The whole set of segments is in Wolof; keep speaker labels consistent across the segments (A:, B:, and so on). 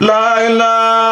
A: La
B: ला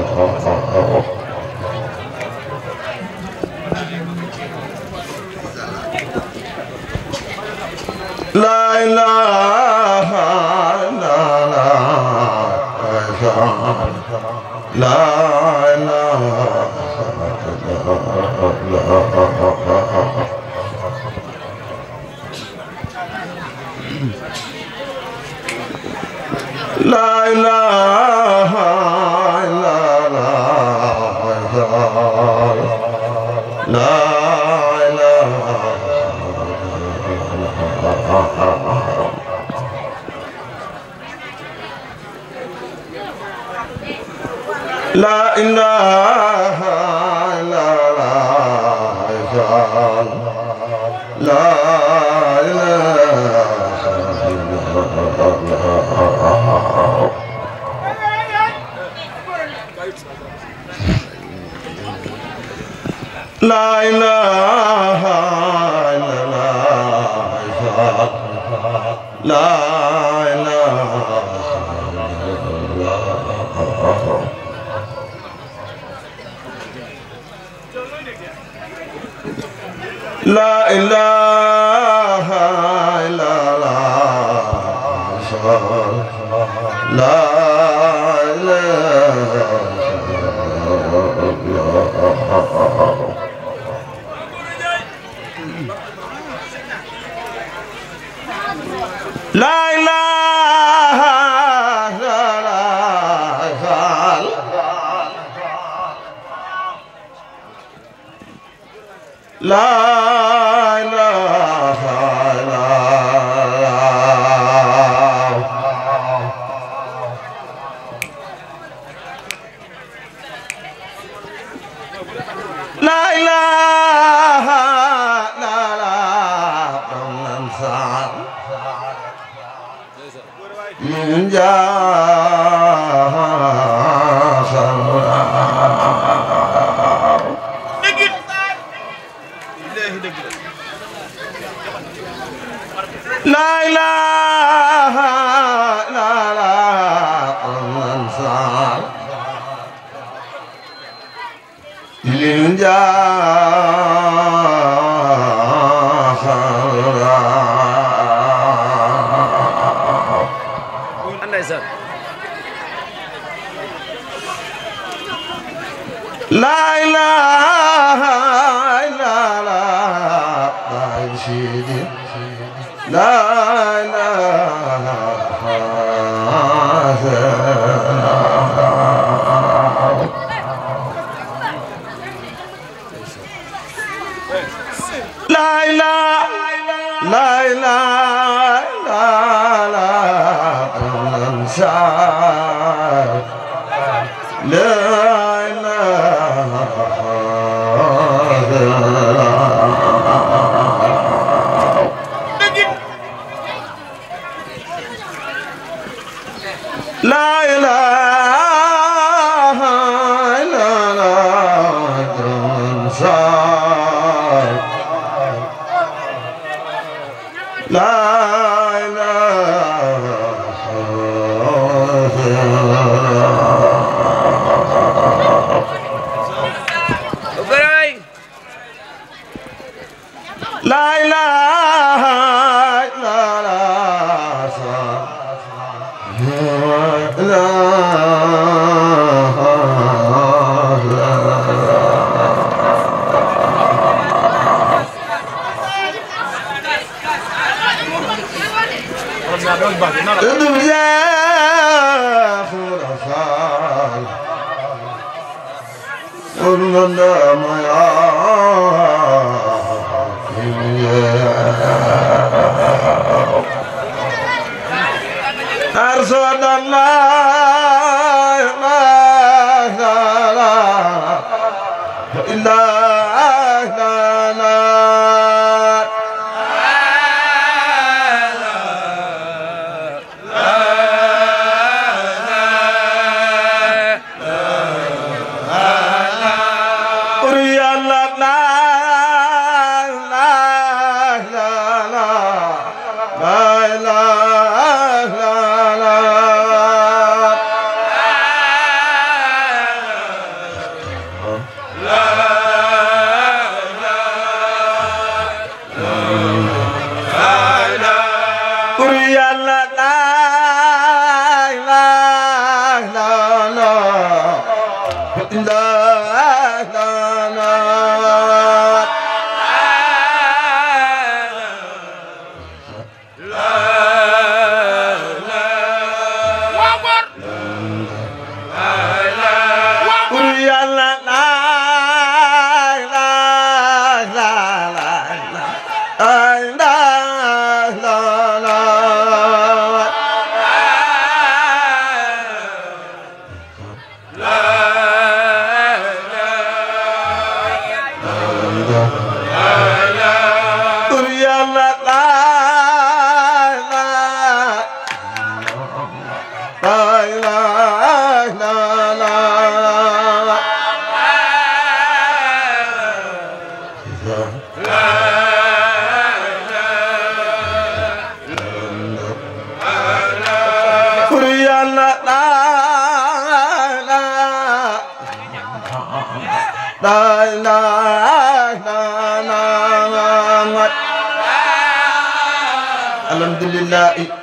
B: la ilaha la la la
A: Azar.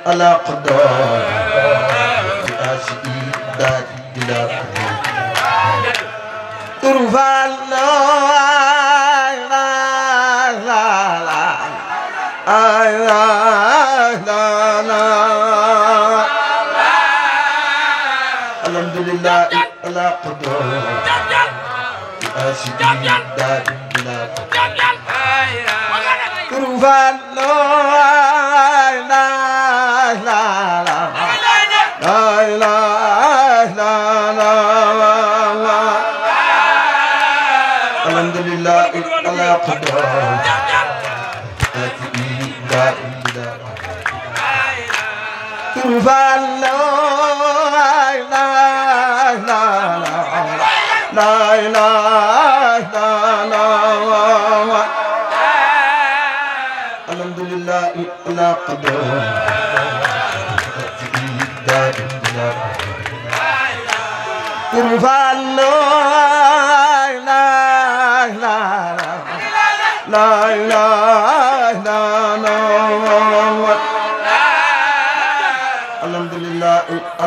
B: ala qadar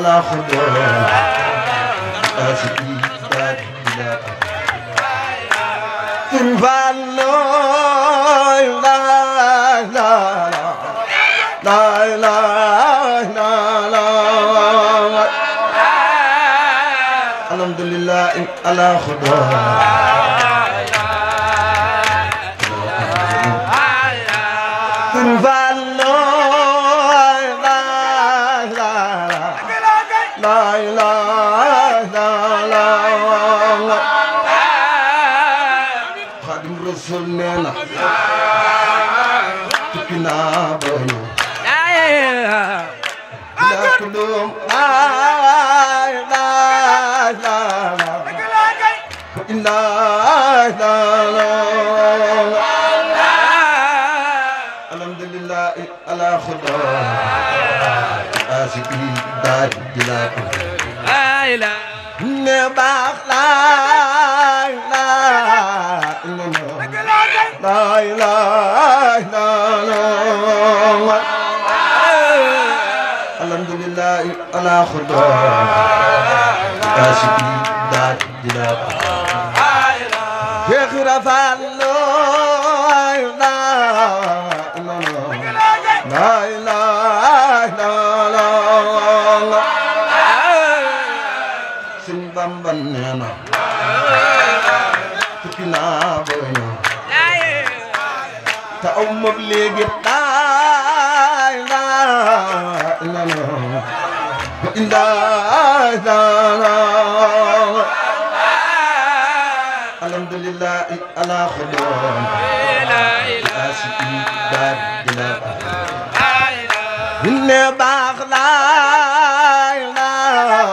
B: على خضرة
A: أسدي دادنا
B: تنفال لا لا لا لا لا لا الحمد لله على خضرة قربان كاشكي دار جلاب يا خرافة لا إله لا إله لا الله سندم بنينا تكنا بنا تأمر لي لله على خلوان لا إله إلا الله إن باغ لا إله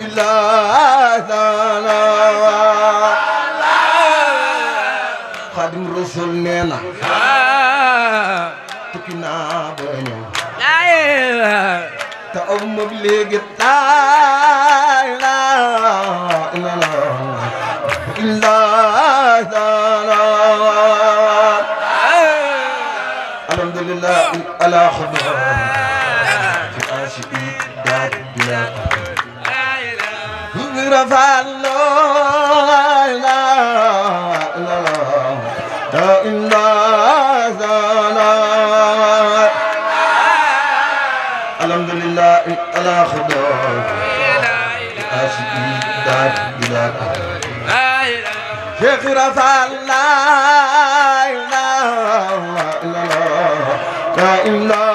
B: إلا الله إلا الله خادم رسول نينا تكنا بنيو لا إله تأم بليغت إلا دارا آه. الحمد لله على حب la ilaha illallah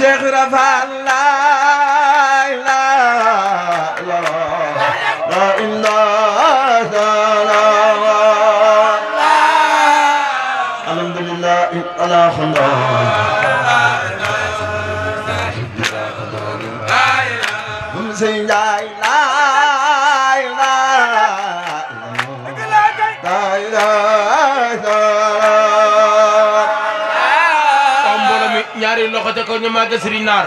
B: Sheikh Raval. ñaari loxo ca kaw ñu màgg Serigne Naar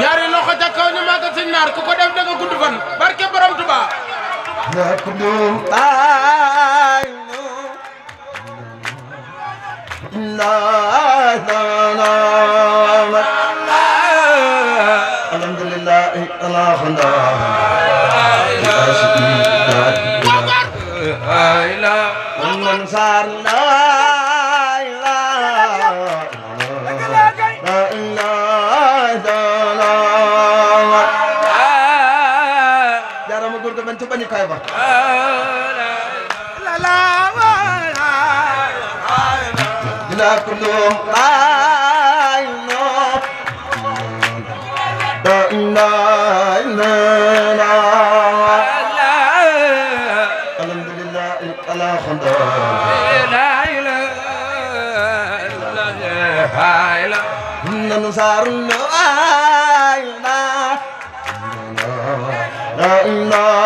B: ñaari loxo ca kaw ñu màgg Serigne Naar ku ko def da nga gudd fan barke borom Tuubaa alhamdulillah sarno ay na la ilaha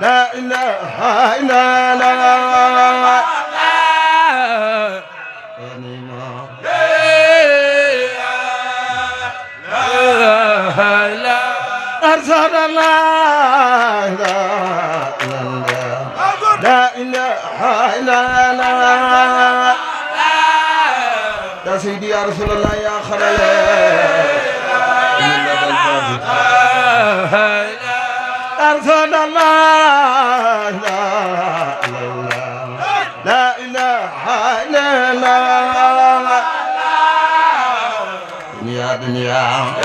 B: لا إله إلا الله أرسل الله لا إله إلا الله يا سيدي يا رسول الله يا خلال أرسل down.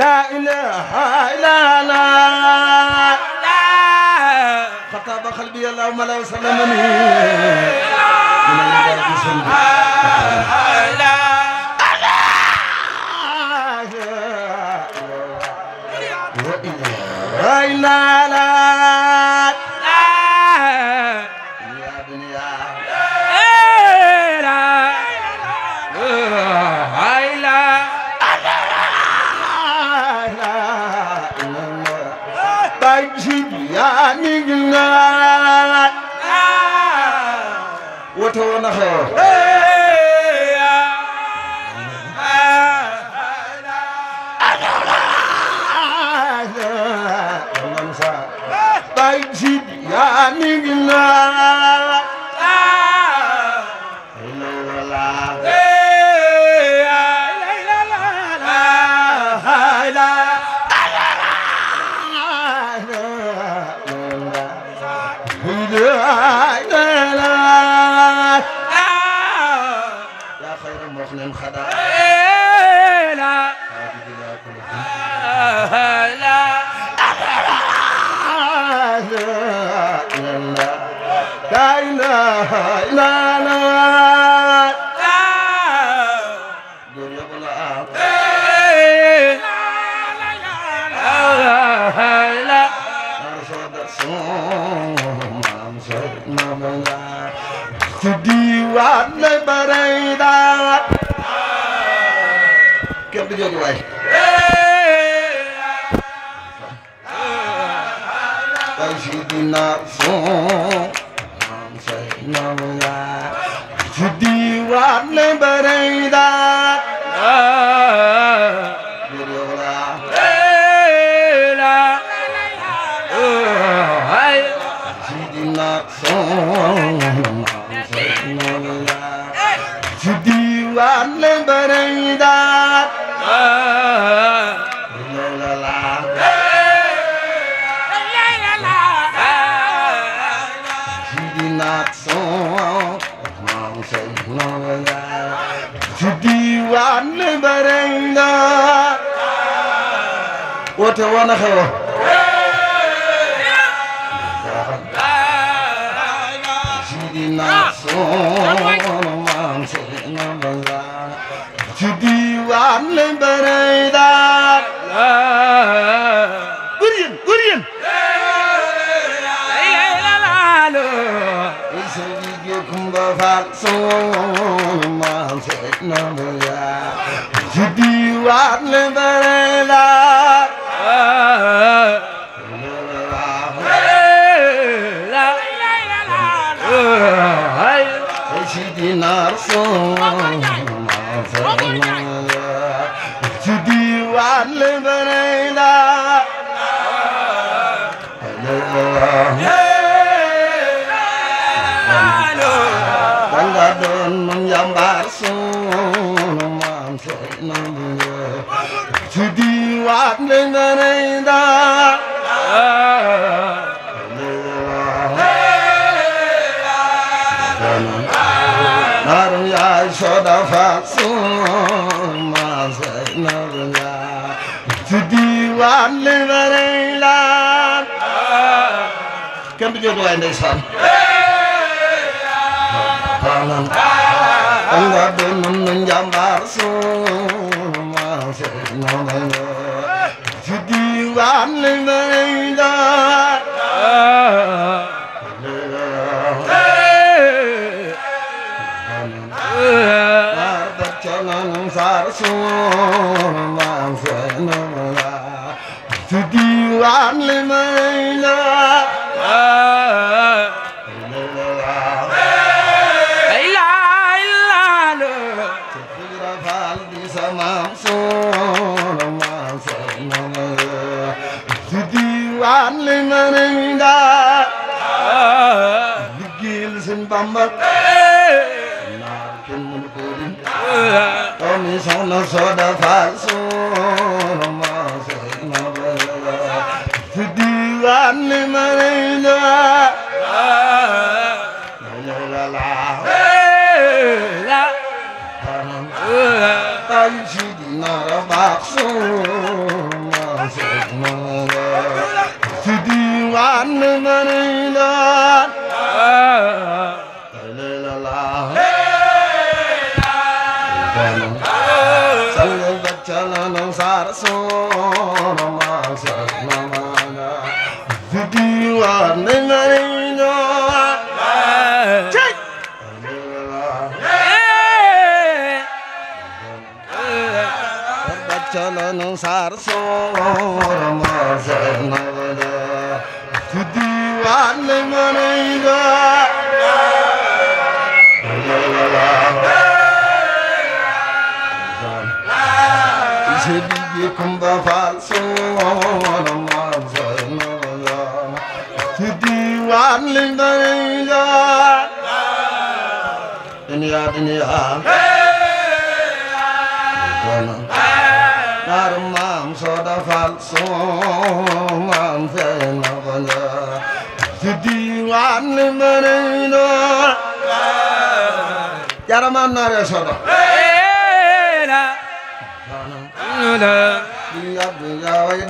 B: لا إله إلا الله خطاب قلبي اللهم لا وسلمني waxee. Thank you. jëdd jooju waay سيدنا سلام
A: سيدنا مولا
B: جدي وابن بريدا سيدنا سلام ke wana khaw jidina so waan leen rey laan kenn du jooju waay ndeysaan paalan anga doon nam na njàmbaar suma seenaana si di waan leen rey laan waar da canaan saar suma وعن لمن لا waan li ma nañ daa liggéeyal seen Bàmba naa kenn mënu ko dim doomi soxna Soda Faal ni mane la la la la la la la la la la la la la la la la la la la আর সোর মজনবদা La. ওয়াল মনাইগা Zeliye kumba falso namazana Tidi wanlinda Dunya dunya Hey ah. তার নাম সদা ফালসমান দিওয়ান মেরে যারা মান না রে সদা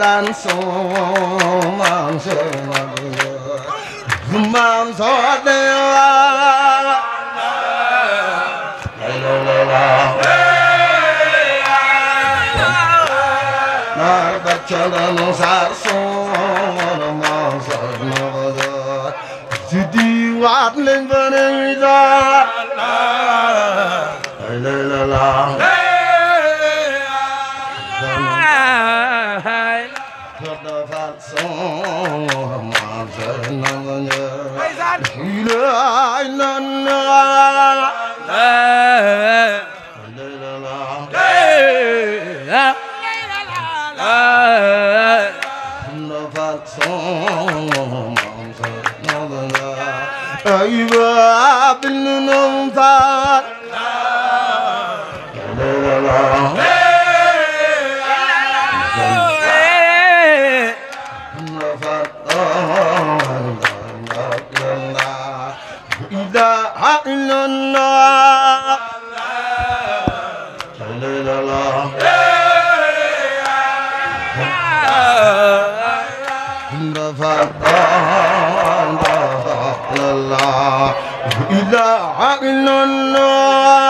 B: দান সমান সমান সদেওয়া saɗano sar sonoma sarnogodo judi wat len benen wida ننظر عقل النار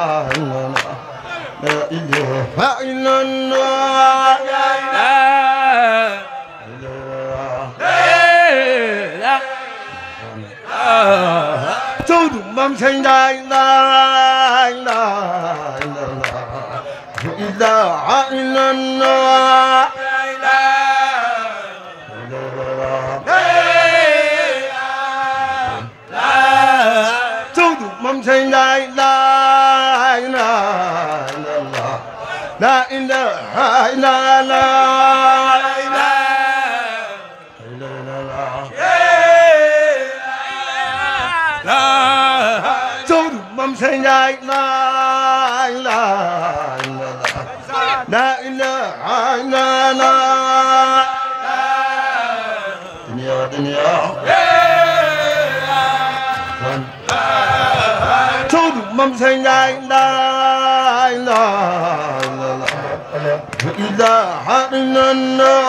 B: mom sen da da da da da لا إله إلا الله Mom say la la la ilaha la dunya dunya yeah Told mom la la دهرنا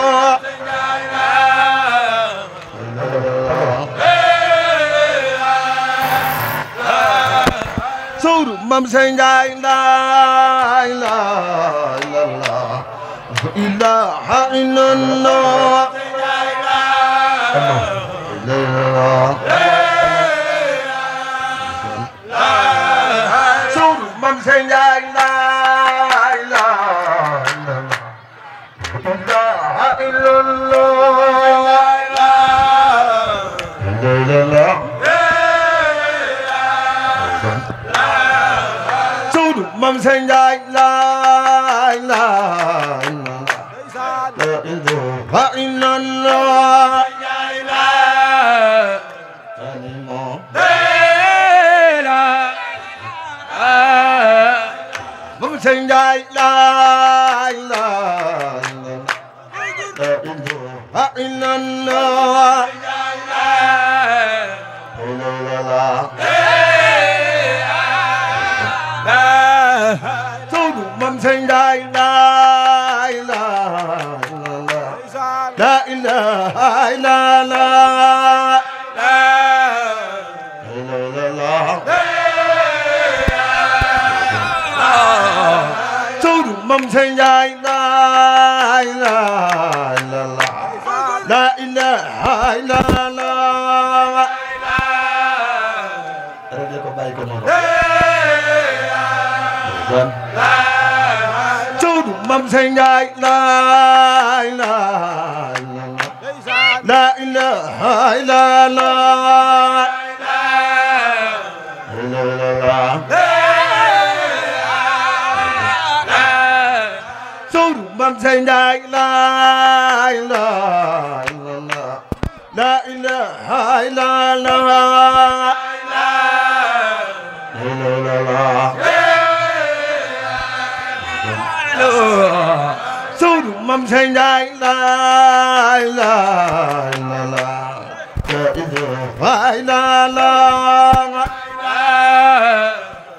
B: سور مم سنجاي لا إله إلا الله إله إلا الله لا إله إلا الله سور مم سنجاي sa njaay laay laay ba inan laay laay laay tani moo deela ba sa njaay laay laay ba inan laay bấm sinh đại lai lai đại lai lai lai sun bấm sinh đại lai lai đại lai lai mam say njaay la la la la waay la la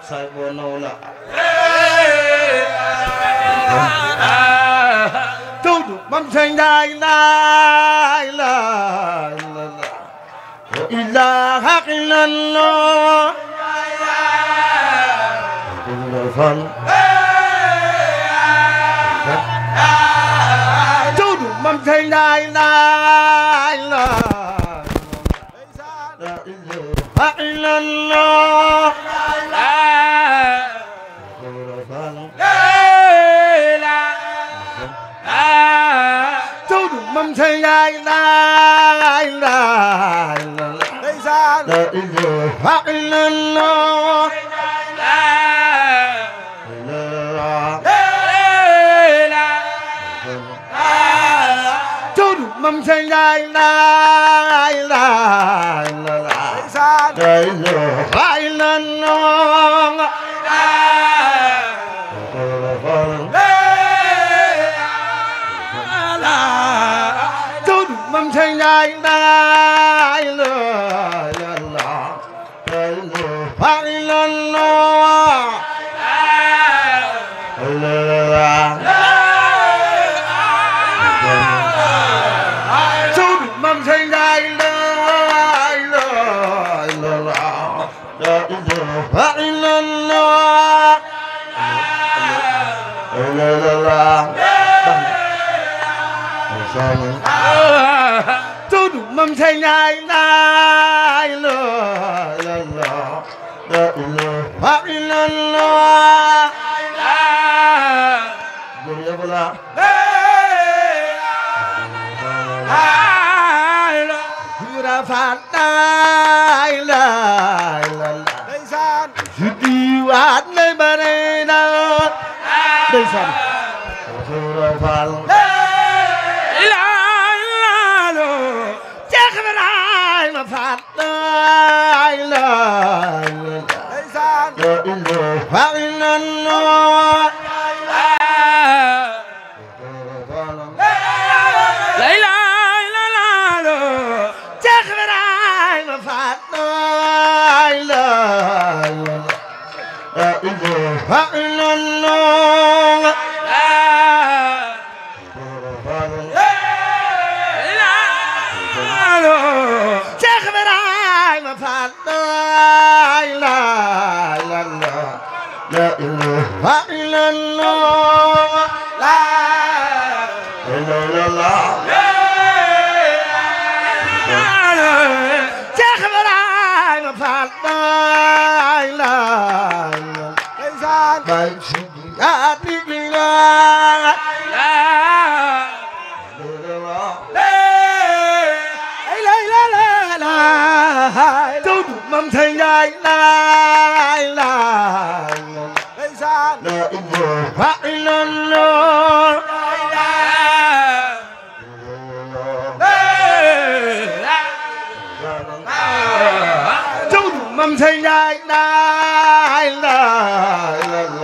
B: say bo naw la tudu mam say njaay la la la la ilaha illallah Fun. thanh đại đại là đại lần lo mâm thanh đại đại là đại lần lo mam sa njaay laay laay laay laay laay laay thanh thanh ai ai lừa lừa lừa lừa pháp đi lừa lừa dùng ra bula ai lừa ra phạt ai lừa lừa đây san đi hát nơi bên đây đâu đây san
A: ra phạt
B: فإن الله bay ya đi đi la dạ. chúc mâm thành đại la la la la la la mâm sinh đại đại la la la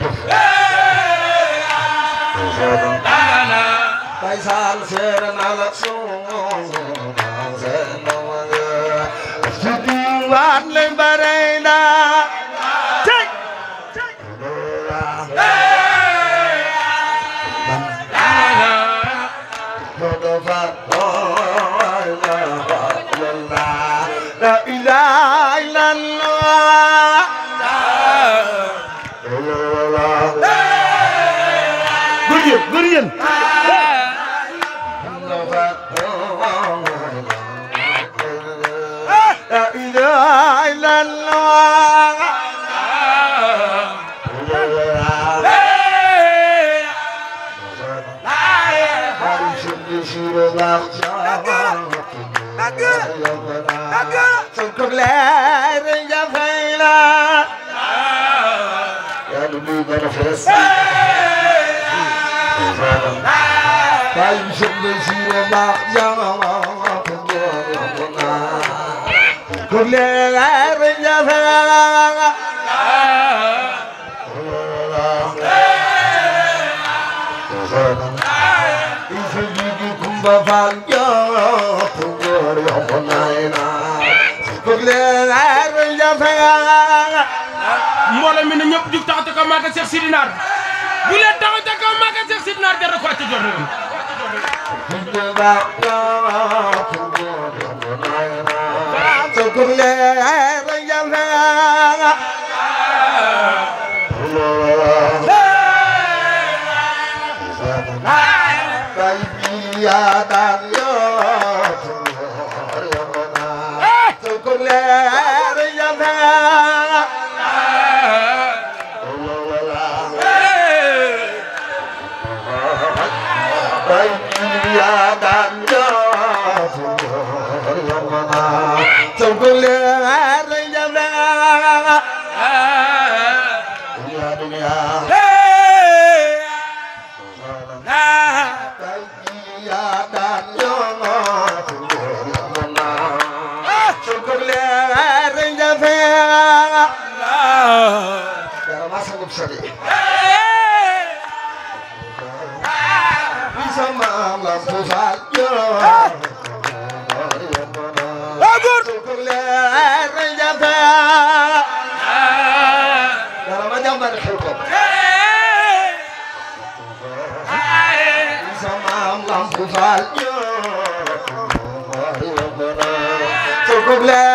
B: jaajëf bay saal ah. seere naa la suun seere naa la suun مريم Yeah. moo la mi ne ñëpp jug taxate ko maaka Cheikh Sidi Naar bu leen taxaw ca kaw màggal Cheikh Sidina Omar jar na ko wàcc jox na ko. problema.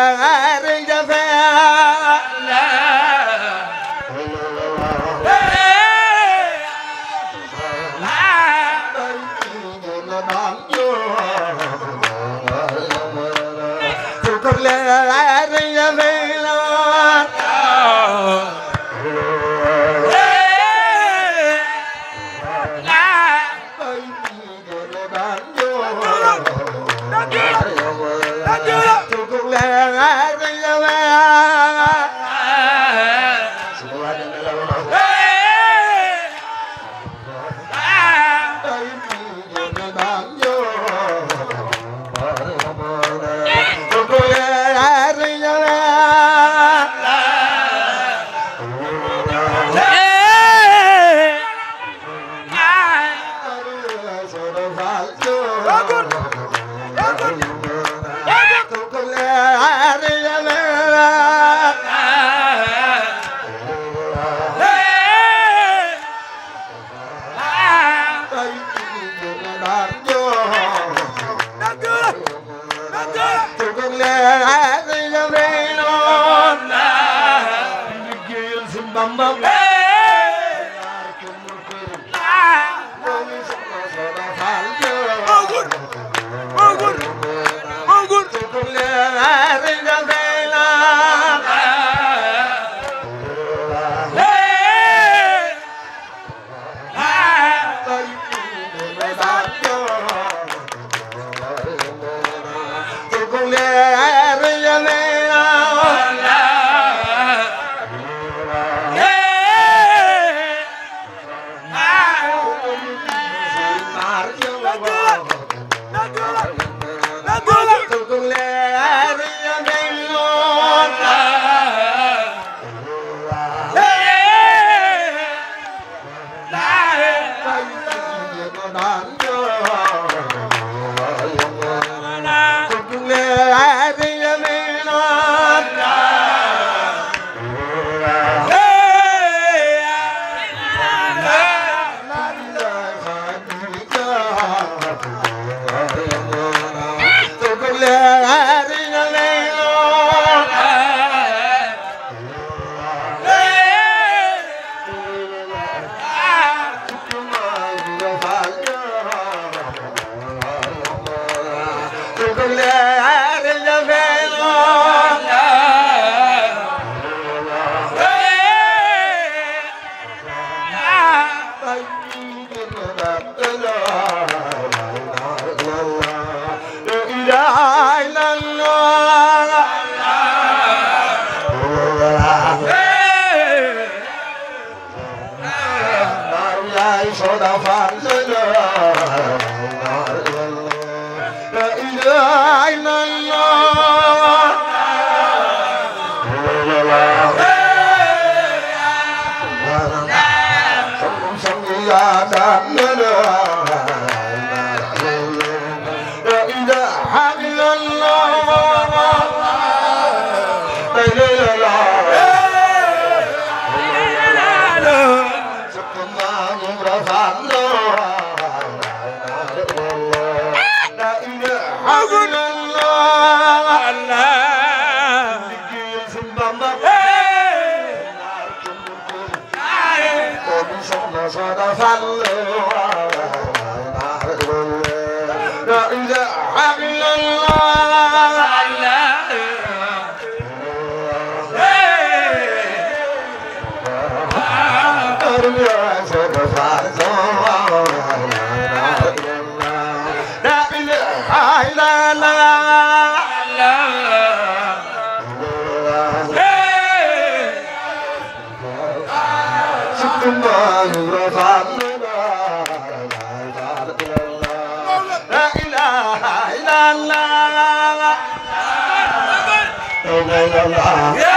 B: Solo falso. সদা ফাল
A: Yeah.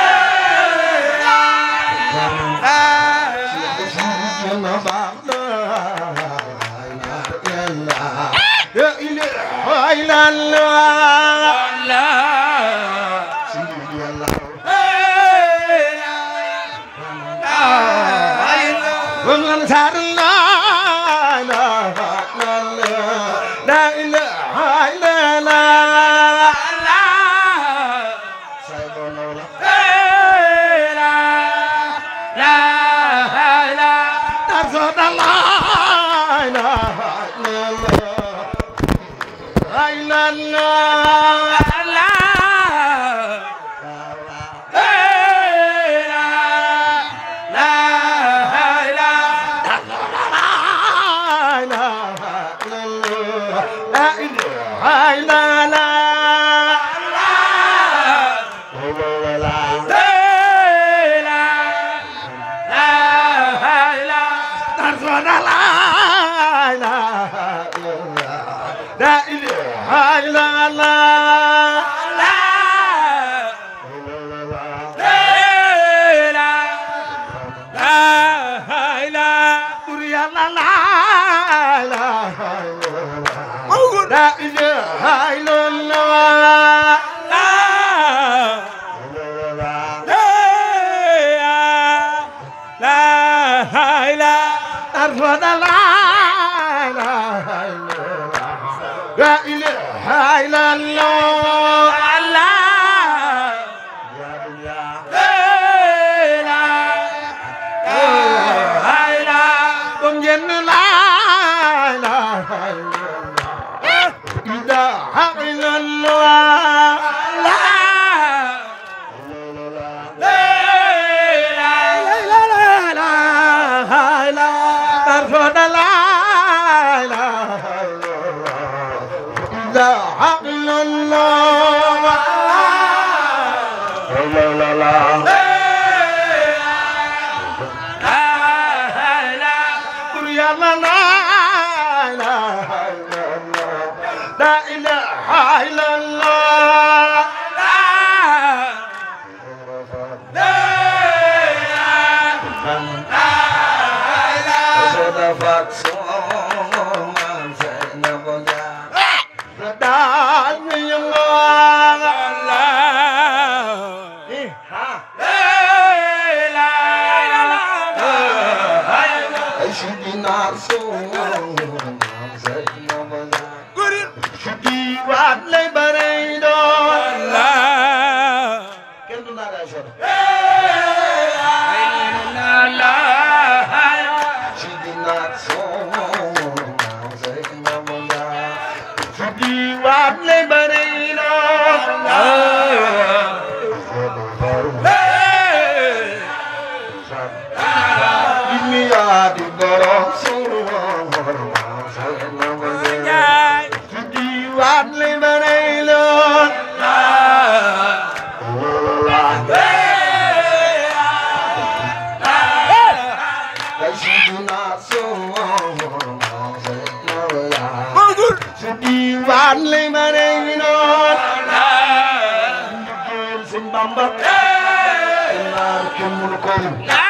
A: Romano.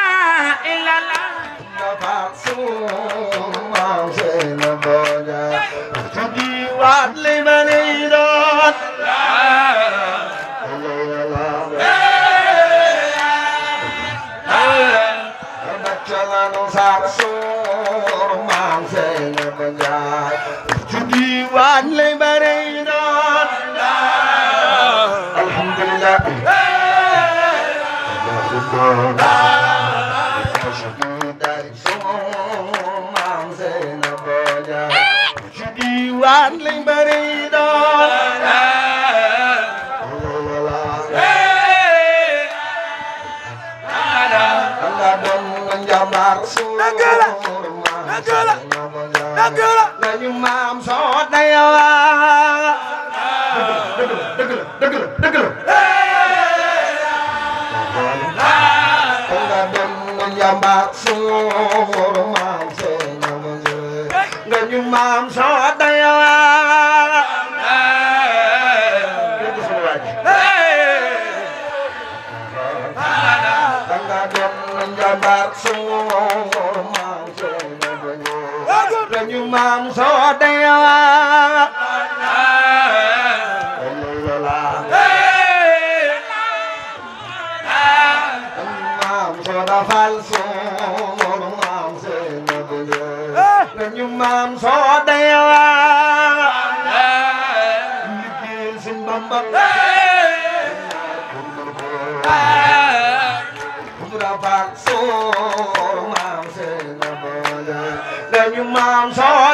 B: dëgg la ko nga dem nga njàmbaat suuxur maam seen ñama njëre nga ñu maam sawa daya nga dem nga njàmbaat suuxur maam seen ñama njëre nga ñu maam sawa daya fal sunu maam seen na bëgg lañu maam soo dayawaa eh! liggéeyal sin bamba eh! eh! kundura fal sunu maam seen na bëgg lañu maam soo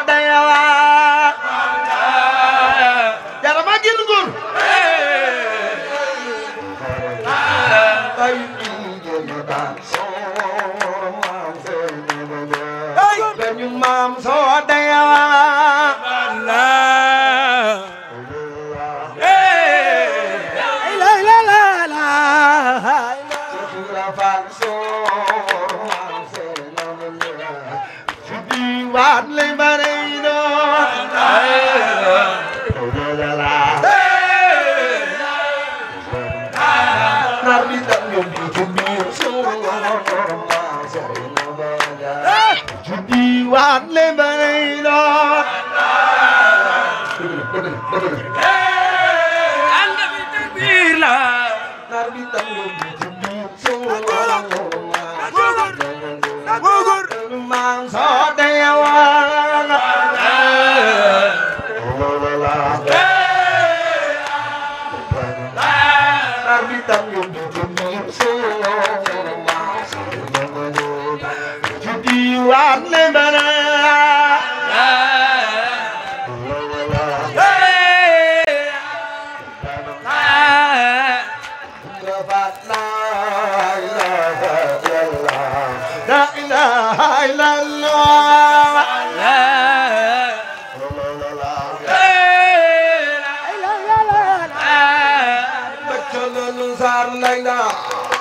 B: Sarr Ndeye Ndeye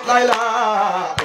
B: Layla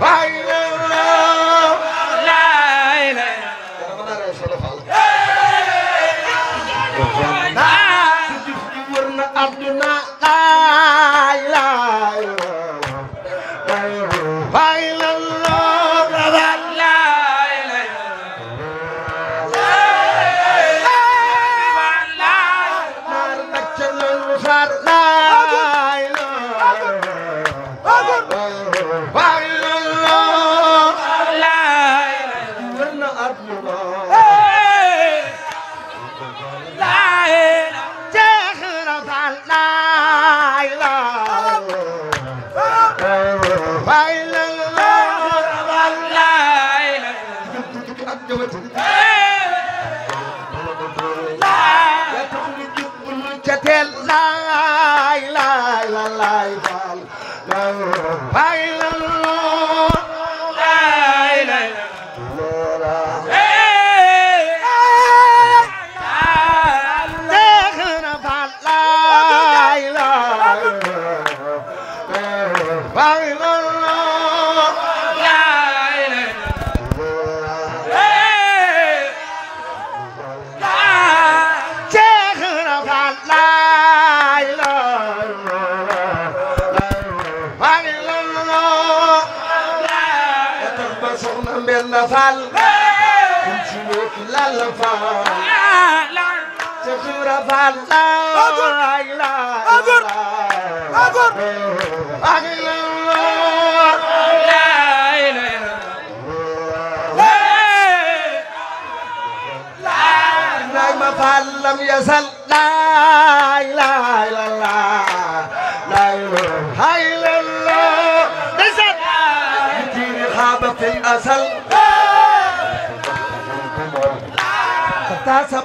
B: Bye. لم يزل لا اله الا الله لا اله الا الله نزل دين خاب في الازل لا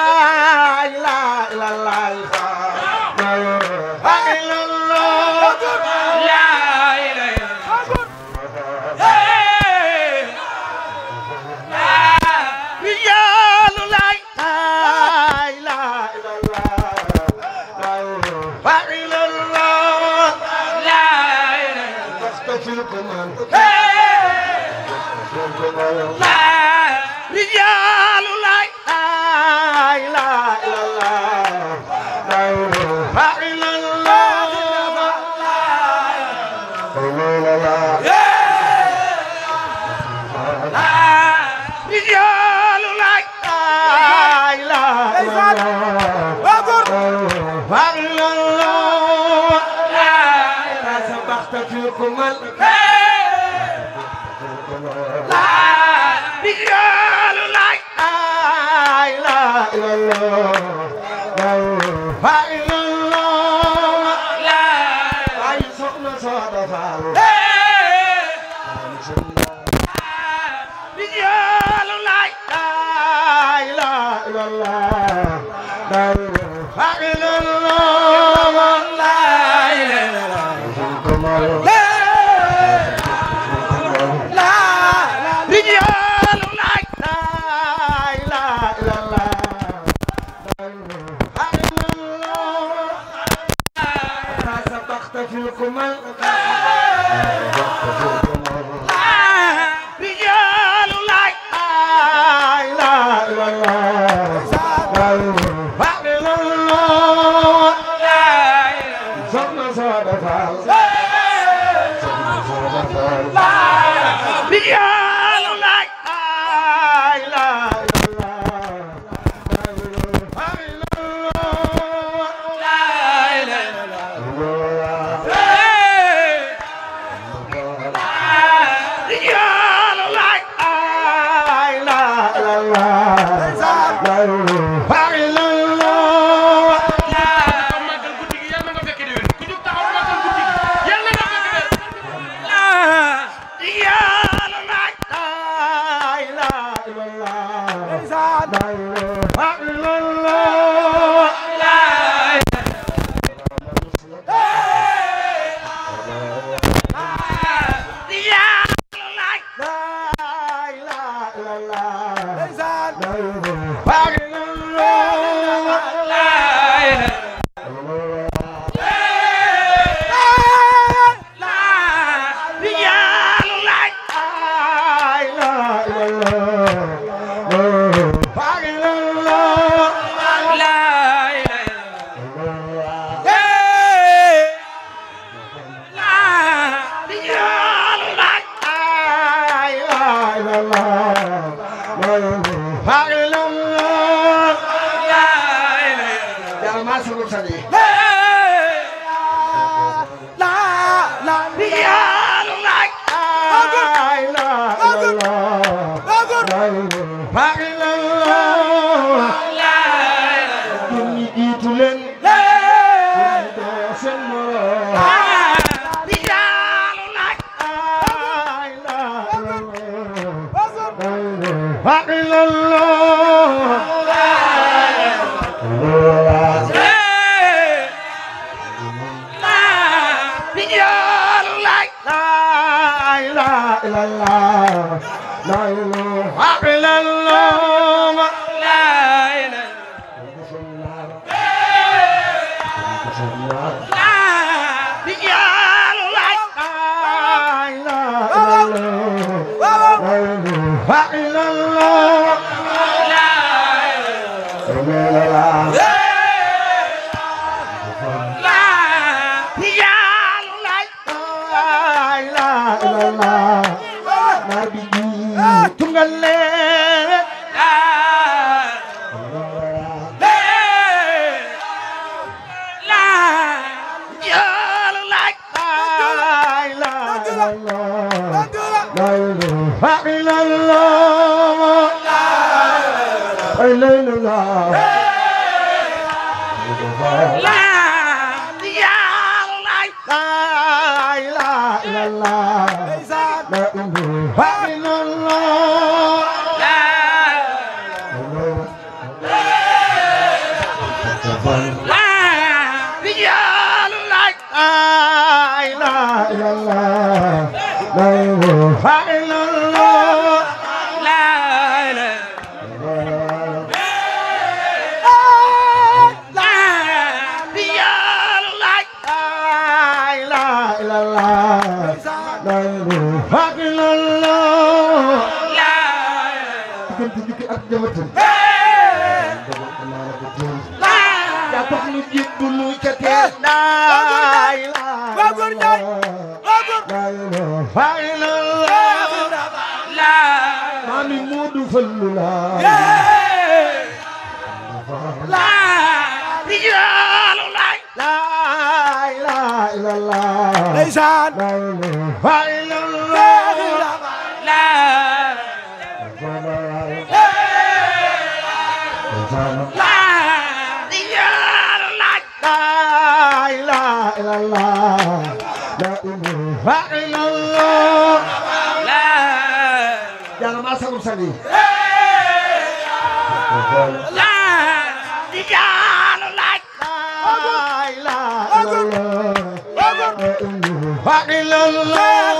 B: فقل الله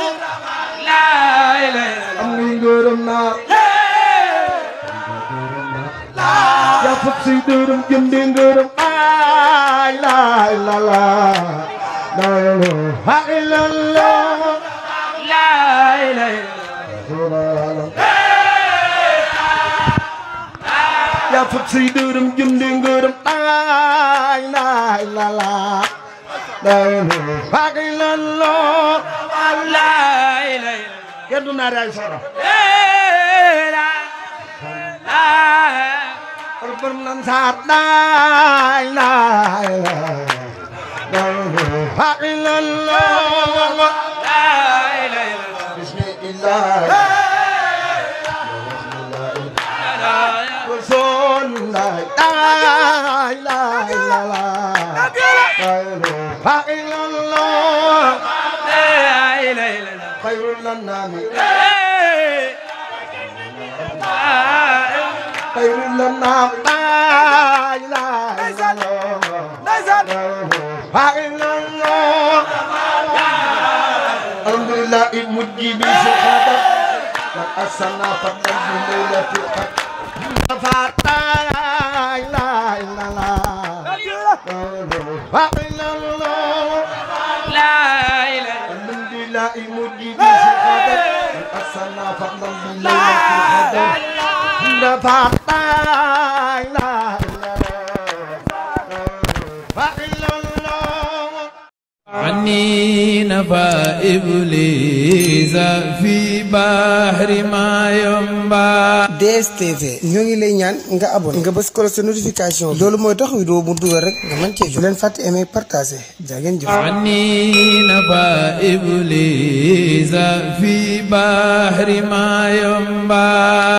B: لا إله إلا أمي قرمنا يا فبسي درم جمدين درم لا إله إلا الله لا إله إلا الله لا إله إلا الله يا فبسي درم جمدين درم لا إله إلا الله la ilaha illallah la ilaha yeddu na ray sara la la urban nan sar la ilaha illallah la ilaha bismillah la la la la لا إله إلا الله لا إله إلا الله خير للنام خير للنام لا إله إلا الله لا إله إلا الله الحمد لله المجيب شهادة من أسنى فقد بمولى في الحق فتى لا إله إلا الله لا إله إلا الله مجيب الخبر أرسلنا فضلا من الله الخبر نفعنا
A: عني
B: نبا إبليس في بحر ما ينبع DSTV ñoo ngi lay ñaan nga abonné nga bës ko sa notification loolu mooy tax vidéo bu dugal rek nga mën cee jot leen fàtte aimer partager jaa ngeen jëf عني نبا إبليس في